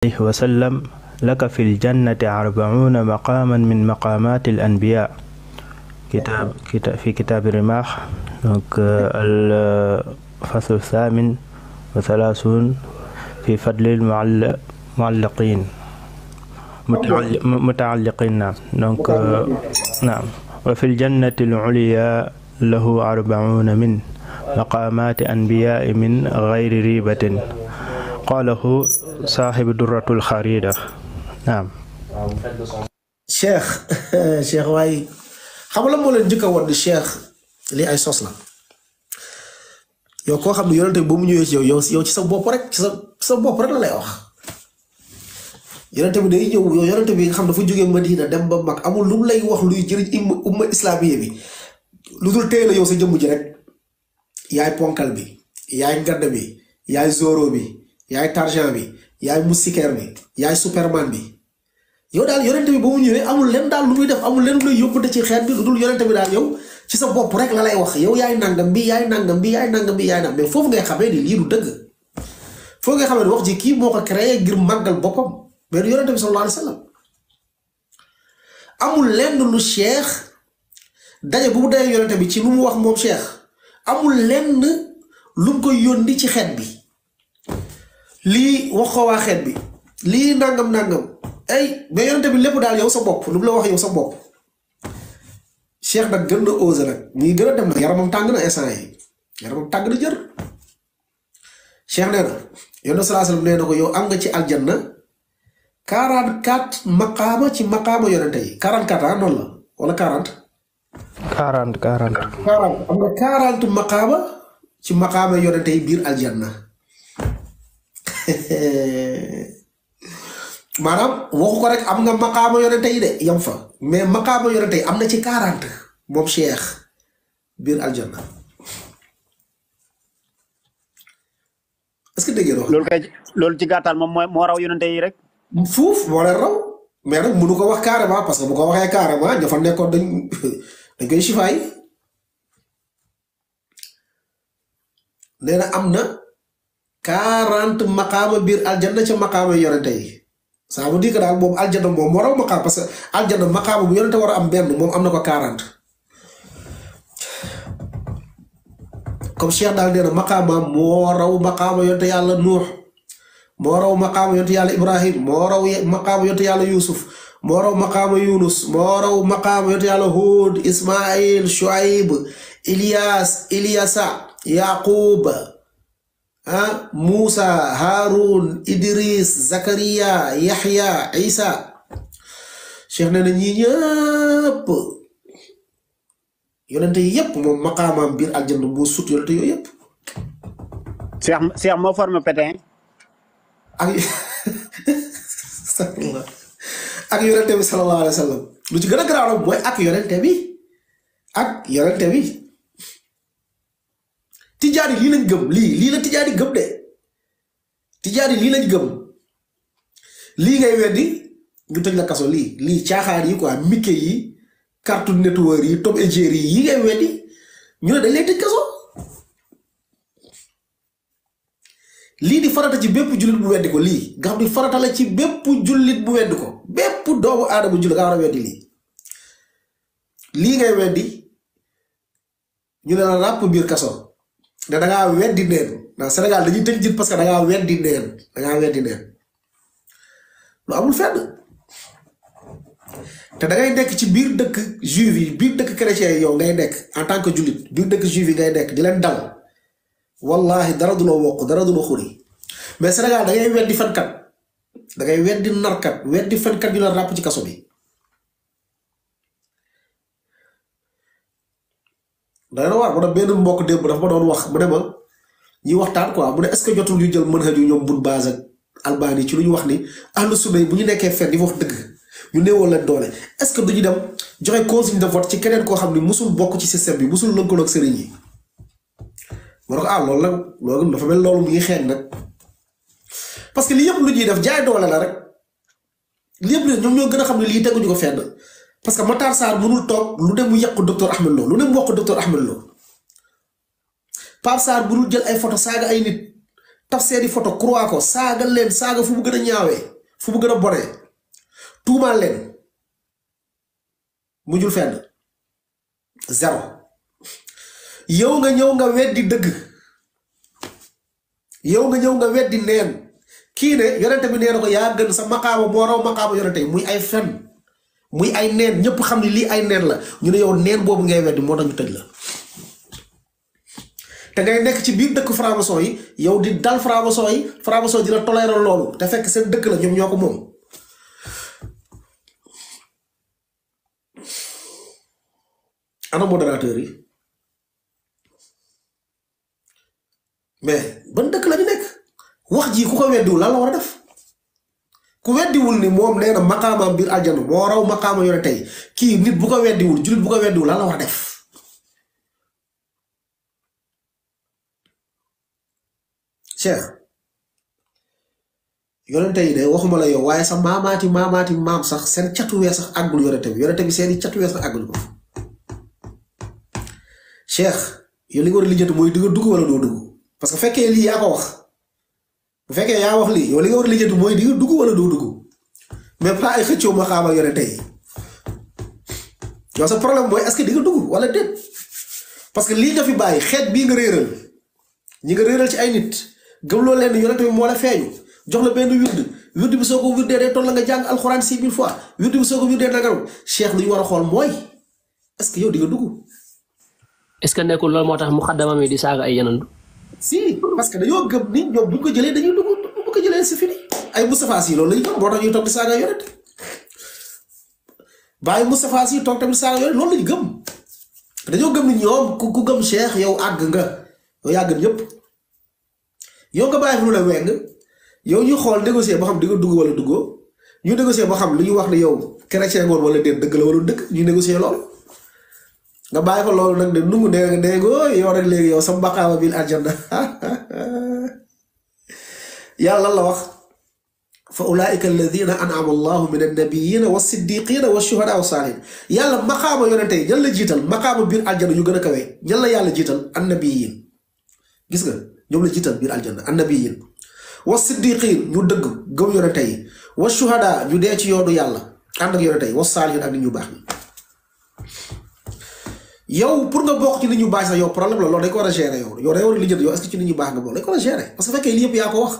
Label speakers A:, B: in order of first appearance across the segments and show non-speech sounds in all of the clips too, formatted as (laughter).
A: عليه وسلم لك في الجنة أربعون مقاما من مقامات الأنبياء كتاب, كتاب في كتاب الرماح الفصل الثامن وثلاثون في فضل المعلقين متعلقين نعم دونك نعم وفي الجنة العليا له أربعون من مقامات أنبياء من غير ريبة قاله صاحب درة الخريدة نعم cheikh cheikh waaye xam la moo leen njëkk a woon cheikh lii ay sos la yow koo xam ne yonent bi ba mu ñëwee ci yow yow yow ci sa bopp rek ci sa sa bi day ñëw yow yonent bi nga xam dafa jógee Madina dem ba mag amul lu lay wax luy jëriñ umma islamiye bi lu dul téye la yow sa jëmm ji rek yaay ponkal bi yaay ngadd bi yaay zoro bi yaay Tarjan bi yaay moustiquaire bi yaay Superman bi yow daal yonente bi ba mu ñëwee amul leen daal lu muy def amul leen lu lay yóbbante ci xeet bi lu dul yonente bi daal yow sa bopp rek la lay wax yow yaay nangam bi yaay nangam bi yaay nangam bi yaay nangam mais foofu ngay xamee ni lii du dëgg foofu ngay xamee ni wax ji kii moo ko créé ngir màggal boppam mais du yonente bi sallallahu alayhi wa sallam lenn lu cheikh daje bu mu dajee yonente ci lu mu wax moom cheikh amul lenn lu mu koy yónni ci xeet bi. lii wax ko waa xeet bi lii nangam nangam ay mais yonent bi lépp daal yow sa bopp lu mu la wax yow sa bopp Cheikh nag gën na osé nag ñuy gën a dem nag yaramam tàng na instant yi yaramam tàng na jër Cheikh nee na yonent salaa sallam nee na ko yow ci aljanna 44 maqaama ci maqaama yonent yi 44 ah noonu la wala 40. 40 40. 40 am ci maqaama yonent yi biir aljanna. (laughs) maanaam waxu ko rek am nga maqaama yore tey de yam fa mais maqaama yore tey am na ci quarante moom Cheikh biir aljanna est-ce que dégg loolu kay loolu ci gàttal moom mooy moo raw yonente yi rek. fuuf moo leen raw mais nag mënu ko wax carrément parce que mu ko waxee carrément ña fa nekkoon dañ (laughs) dañ koy sifaay nee am na. quarante maqaama biir aljanna ca maqaama yonente yi ça veut daal moom aljanna moom moo raw maqaama parce que aljanna maqaama bu yonente war a am moom am na ko quarante comme Cheikh daal nee na maqaama moo raw maqaama yonente yàlla nuux moo raw maqaama yonente yàlla ibrahim moo raw maqaama yonente yàlla yusuf moo raw maqaama yunus moo raw maqaama yonente yàlla huud ismail shuaib ilias iliasa yaquba ah Muusa Haarun Idris Zakariya Yaxya Isa Cheikh nee na ñii ñëpp yonente yëpp moom maqaamaam biir aljanna moo sut yonente yooyu yëpp. Cheikh Cheikh moo formé Pétain. ak ak yonente bi sallallahu alayhi wa sallam lu ci gën a ak yonente bi ak yonente bi. tijaani lii lañ gëm lii lii la tijaani gëm de tijaani lii lañ gëm lii ngay weddi ñu tëj la kaso lii lii caaxaar yi quoi Mickey yi Cartoon Network yi Tom et Jerry yi ngay weddi ñu ne dañ lay tëj kaso lii di ci bépp jullit bu ko lii nga xam la ci bépp jullit bu weddi ko doomu aadama jullit nga war a lii lii ngay weddi ñu ne la ràpp biir kaso ne da ngaa weddi neen ndax Sénégal dañuy tëj nit parce que da neen da ngaa weddi neen lu amul fenn te da ngay nekk ci biir dëkk juif yi biir dëkk chrétien yi yow ngay dekk en tant que jullit biir dëkk juif yi ngay dekk di leen dal wallahi dara du la wokk dara du la xuri mais Sénégal da ngay weddi fenkat da ngay weddi narkat weddi fenkat yu la ràpp ci kaso bi. da waa waar ma ne benn mbokk démb dafa ma doon wax mu ne ma ñuy waxtaan quoi mu ne est-ce que jotul ñu jël mën xëju ñoom bun base ak albani ci lu ñu wax ni na sunna yi bu ñu nekkee fenn di wax dëgg ñu néewal leen doole est-ce que du ñu dem joxe consigne de vote ci keneen koo xam ni musul bokk ci système bi musul lëkkaloo ak sëriñ yi ma ne ko ah loolu nag loolu dafa mel mu ngi xeeñ nag parce que li yëpp lu ñuy def jaay doole la rek li yëpp ñoom ñoo gën a xam ne lii teguñu ko fenn parce que Matar Sarr mënul toog lu dem mu yàqu docteur Ahmed Lo lu dem mu wax ko docteur Ahmed Lo Pape Sarr jël ay photo saaga ay nit taf seeni photo croix ko saaga leen saaga fu mu gën a ñaawee fu mu gën a bonee tuumaal leen mu jul fenn zéro yow nga ñëw nga weddi dëgg yow nga ñëw nga weddi neen kii ne yonente bi nee ko yaa gën sa maqaama moo raw maqaama yonente muy ay fen muy ay neen ñëpp xam ne lii ay neen la ñu ne yow neen boobu ngay weddi moo tax ñu tëj la te ngay nekk ci biir dëkk franc yi yow di dal franc-maçon yi franc-maçon yi di la tolérer loolu te fekk seen dëkk la ñoom ñoo ko moom ana modérateur yi mais ban dëkk la ñu nekk wax ji ku ko weddiwul lan la war a def ku weddiwul ni moom nee na maqaamaam biir aljana moo raw maqaama yore tey kii nit bu ko weddiwul jullit bu ko weddiwul lan la war a def cheikh yonente yi de waxuma la yow waaye sax maamaati maamaati maam sax seen catuwee sax àggul yonente bi yonente bi seeni catuwee sax àggul ko cheikh yow li nga a mooy di nga dugg wala doo dugg parce que fekkee lii yaa ko wax bu fekkee yaa wax lii yow li nga war a lijjanti mooy di nga dugg wala doo dugg mais pas ay xëccoo ma xaamal yore tey yow sa problème mooy est ce que di nga dugg wala déet parce que lii nga fi bàyyi xeet bii nga réeral ñi nga réeral ci ay nit gëm gëmloo leen yonent bi moo la feeñu jox la benn wird wird bi soo ko wirdee day toll la nga jàng alxuraan six mille fois wird bi soo ko wirdee da cheikh lu ñu war a xool mooy est ce que yow di nga dugg. est ce que nekkul loolu moo tax mu xaddamam yi di saaga ay yanandu. si parce que dañoo gëm ni ñoom bu ñu ko jëlee dañuy dugg bu ko jëlee si fini ay Moustapha Sy loolu boo tax ñuy toog di saaga yonent bàyyi Moustapha Sy toog tamit saaga yonent loolu la ñu gëm dañoo gëm ni ñoom ku ku gëm Cheikh yow àgg nga yow yaa gëm ñëpp yow nga bàyyi fi lu la weng yow ñu xool négocier boo xam di nga dugg wala duggoo ñu négocier boo xam lu ñu wax ne yow chrétien ngoon wala déet dëgg la wala dëgg ñu négocier loolu. nga bàyyi ko loolu nag de nungu dee dee yow rek léegi yow sama baqaawa bil aljanna yàlla la wax fa ulaika alladina anama allahu min annabiyina wa siddiqina wa shuhada wa saalihin yàlla maqaama yonente yi ñan la jiital maqaama biir aljanna yu gën a kawe ñan yàlla jiital annabiyin gis nga ñoom la jiital biir aljanna annabiyin wa siddiqin ñu dëgg gëm yonente yi wa shuhada ñu dee ci yoonu yàlla ànd ak yonente yi wa saalihin ak nit ñu baax yow pour nga bokk ci li ñu baax yow problème la loolu dañ ko war a gérer yow yow day war a lijjanti yow est que ci li ñu baax nga bokk dañ ko war a gérer parce que fekkee lii yëpp yaa ko wax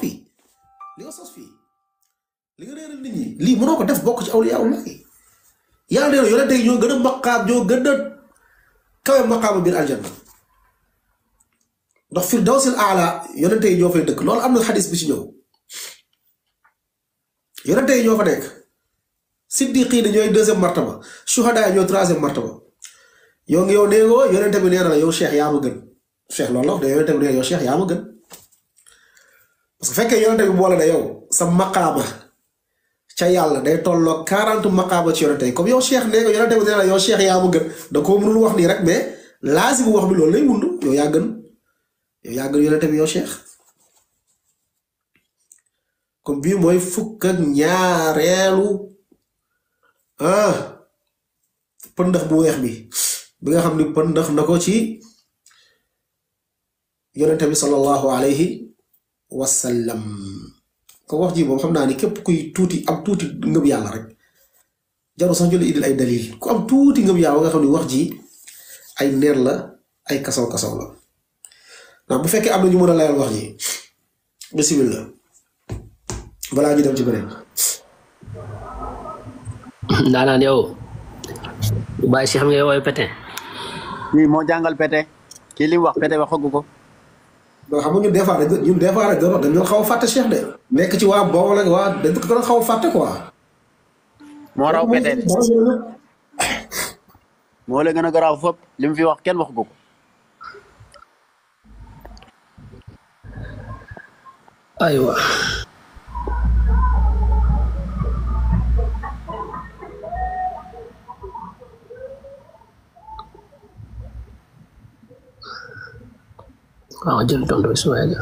A: fii li nga sos fii nit ñi lii mënoo ko def bokk ci awliyaa ullaay yàlla nee na yonent gën a maqaam ñoo gën a kawe maqaam biir aljanna ndax firdawsil aala yonent yi ñoo fay dëkk loolu am na xadis bi ci ñëw yonent yi ñoo fa nekk. siddiqiin ñooy deuxième martaba shuhadaa ñooy troisième martaba yow ngi yow nee nga yonente bi nee na yow cheikh yaa ma gën cheikh loolu la wax de yonente bi gën parce que fekkee yonente bi boole na yow sa ca yàlla day tolloo quarante maqaama ci yonente yi comme yow cheikh nee nga yonente bi gën da koo wax nii rek mais laasi bu wax bi loolu lay wund yow yaa gën yow yaa gën yonente bi yow cheikh comme bii mooy fukk ak ah eh, pëndax bu weex bi bi nga xam ni pëndax na ko ci yonente bi sallallahu alayhi wasallam ko wax ji moom xam naa ni képp kuy tuuti am tuuti ngëm yàlla rek jaru sax jële idil ay dalil ku am tuuti ngëm yàlla nga xam ni wax ji ay neer la ay kasaw kasaw la na bu fekkee am na ñu mën a layal wax ji bismillah balaa ñu dem ci beneen daanaan yow Baye Cheikh mi ngay woowee Pété. kii moo jàngal Pété kii li wax Pété waxagu ko. ba xam nga ñun des fois a ko xaw a fàtte moo raw Pété (coughs) moo la gën a garaaw fop fi wax kenn wax ko. aywa. وعجلتم بإسماعيل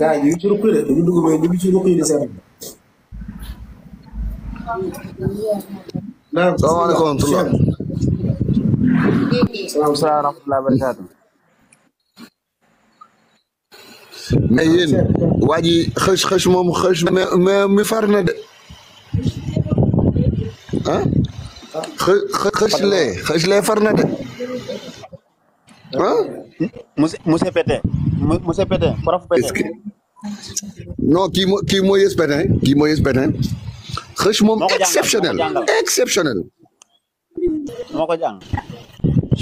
A: gaa yi ñu ngi ci ruq de dañu dugg mais ñu ngi ci ruq di seet. naam salaamaaleykum wa rahmatulah. salaam salaam wa rahmatulah barakaatu.
B: mais yéen waa ji xëch xëch moom xëch mais mais mi far na de ah. खशले खशले फरनट मुझे मुझे पेटे मुझे पेटे बर्फ पेटे नो कीमो कीमो ये पेटे हैं कीमो ये पेटे हैं खशमुम exceptional exceptional moko jang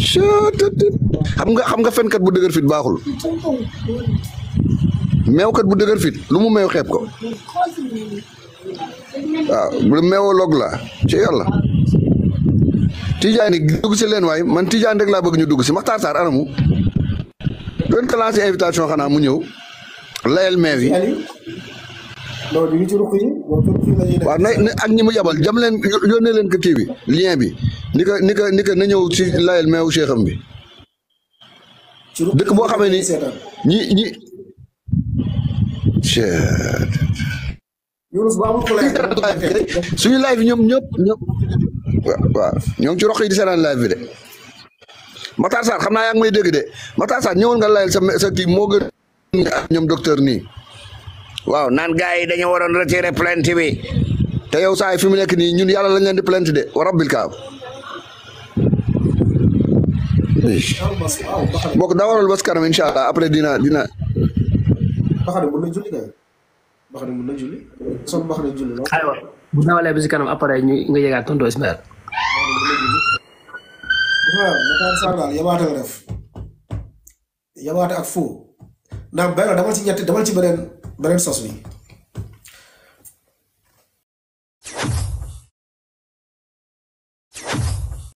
B: xam nga xam nga fenkat bu dëgër fit baaxul meewkat bu dëgër fit lu mu meew xeeb ko waaw lu meewoo log la ci yàlla Tijaan yi dugg si leen waaye man Tijaan rek laa bëgg ñu dugg si Maxtaar Sarr anamu doon ko lancé invitation xanaa mu ñëw layel meew yi. na ak ñi mu yabal jam leen yónnee leen ko kii lien bi ni ko na ñëw si layel meew seexam bi dëkk boo xamee ni ñi ñi (laughs) suñu live ñoom ñëpp ñëpp waaw ñoo ngi ci roq yi di seetaan live bi de Matar Sarr xam naa yaa ngi may dégg de Matar Sarr ñëwal nga layal sa sa kii moo gën ñoom docteur nii waaw naan gars dañu waroon retirer plainte bi te yow saa fi mu nekk nii ñun yàlla lañ leen di plainte de wa rabbil kaab bokk daa waral bas kanam incha allah après dina dina
A: bu dawalee bi si kanam après ñu nga yëgaat tonton Ismaël waaw Matar Sarr daal yabaate la def yabaate ak foo naam benn damal ci ñetti damal ci beneen beneen sos mi